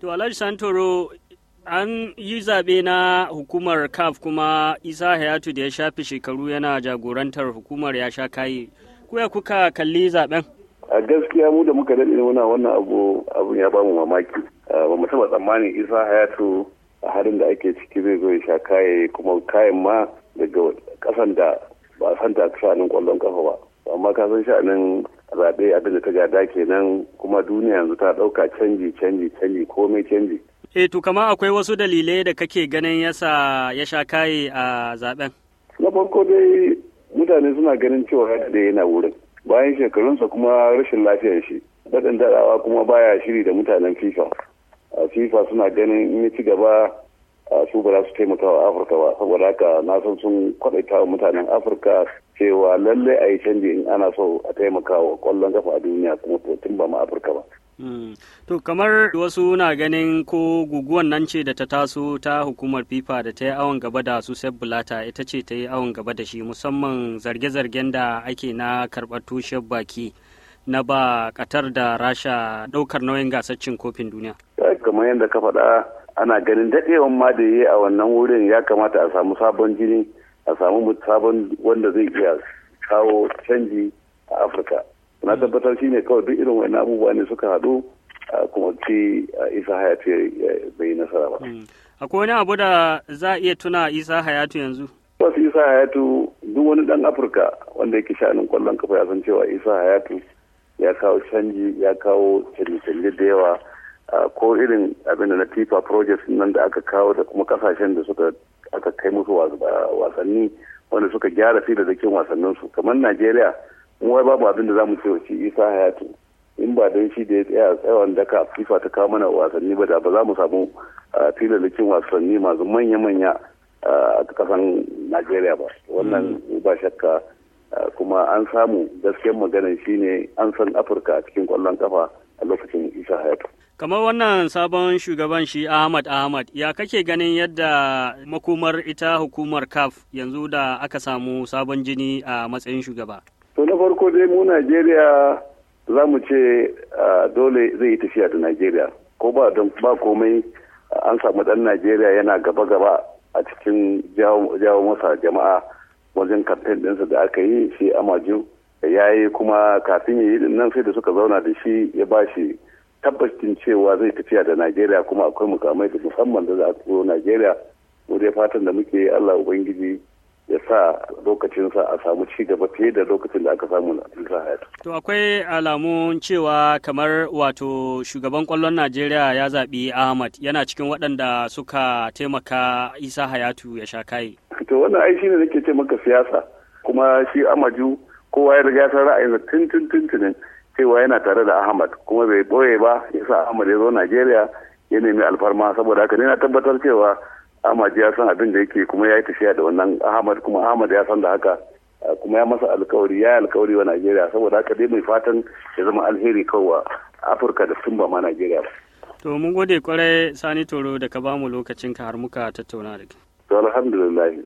To Alhaji Santoro an yi zaɓe na hukumar CAF kuma Isa Hayatu da ya shafi shekaru yana jagorantar hukumar ya sha kayi. Kuya kuka kalli zaɓen? A gaskiya mu da muka daɗe muna wannan abu abun ya bamu mamaki. Ba mu taɓa tsammanin Isa Hayatu a halin da ake ciki zai zo ya sha kaye kuma kayan ma daga ƙasan da ba a santa sha'anin ƙwallon ƙafa ba. Amma ka san sha'anin zaɓe abinda da ta gada kenan kuma duniya yanzu ta ɗauka canji canji canji komai canji. E to kama akwai wasu dalilai da kake ganin yasa ya sha kaye a zaben. Na farko dai mutane suna ganin cewa ya da yana wurin bayan shekarunsa kuma rashin lafiyar shi daɗin daɗawa kuma baya shiri da mutanen FIFA. A FIFA suna ganin in ya ci gaba su ba za su taimaka wa afirka ba saboda haka na san sun kwadaita wa mutanen afirka cewa lallai a yi canji in ana so a taimaka wa kwallon kafa a duniya kuma tun ba ma afirka ba hmm. To kamar wasu na ganin ko guguwan nan ce da ta taso ta hukumar FIFA da ta yi awon gaba da su Bulata ita ce ta yi awon gaba da shi musamman zarge-zargen da ake na karɓar tushen baki na ba katar da Rasha ɗaukar nauyin gasar cin kofin duniya. Eh, kamar yadda ka faɗa ana ganin daɗewan ma da yi a wannan wurin ya kamata a samu sabon jini a samu sabon wanda zai iya kawo canji a afirka na mm. tabbatar shi ne kawai duk irin wani abubuwa ne suka haɗu kuma a isa hayatu bai nasara ba mm. akwai wani abu da za a iya tuna isa hayatu yanzu wasu isa hayatu duk wani dan afirka wanda yake sha'anin kwallon kafa ya san cewa isa hayatu ya kawo canji ya kawo canje-canje da yawa ko irin abin da na fifa project nan da aka kawo da kuma kasashen da suka aka kai musu wasanni wanda suka gyara wasannin su kamar najeriya mu wai babu abin da za mu ce wa isa hayatu in ba don shi da ya tsaya tsayawan da ka fifa ta kawo mana wasanni ba da ba za mu samu filadakin wasanni masu manya-manya a kasan najeriya ba wannan hmm. ba shakka kuma an samu gaskiyar magana shine an san afirka a cikin kwallon kafa a lokacin isa hayatu Kamar wannan sabon shugaban shi Ahmad Ahmad, ya kake ganin yadda makomar ita hukumar CAF yanzu da aka samu sabon jini a matsayin shugaba? To na farko dai mu Najeriya za mu ce dole zai yi tafiya da Najeriya. Ko ba don ba komai an samu dan Najeriya yana gaba-gaba a cikin jawo masa jama'a wajen kamfen ɗinsa da aka yi shi amaju ya yi kuma kafin ya yi nan sai da suka zauna da shi ya ba shi tabbacin cewa zai tafiya da najeriya kuma akwai mukamai da musamman da za a turo najeriya mu dai fatan da muke allah ubangiji ya sa lokacinsa a samu ci gaba fiye da lokacin da aka samu na Hayat. To akwai alamun cewa kamar wato shugaban kwallon Najeriya ya zabi Ahmad yana cikin waɗanda suka taimaka Isa Hayatu ya sha kai. To wannan ai shine nake ce maka siyasa kuma shi Amaju kowa ya riga ya san ra'ayin tun tun tun cewa yana tare da ahmad kuma bai boye ba yasa ahmad ya zo najeriya ya nemi alfarma saboda haka ne na tabbatar cewa ahmad ya san abin da yake kuma ya yi tafiya da wannan ahmad kuma ahmad ya san da haka kuma ya masa alkawari ya yi alkawari wa najeriya saboda haka dai mai fatan ya zama alheri kawai afirka da tun ba ma najeriya ba to mun gode kwarai sani toro da ka bamu lokacin ka har muka tattauna da ke to alhamdulillah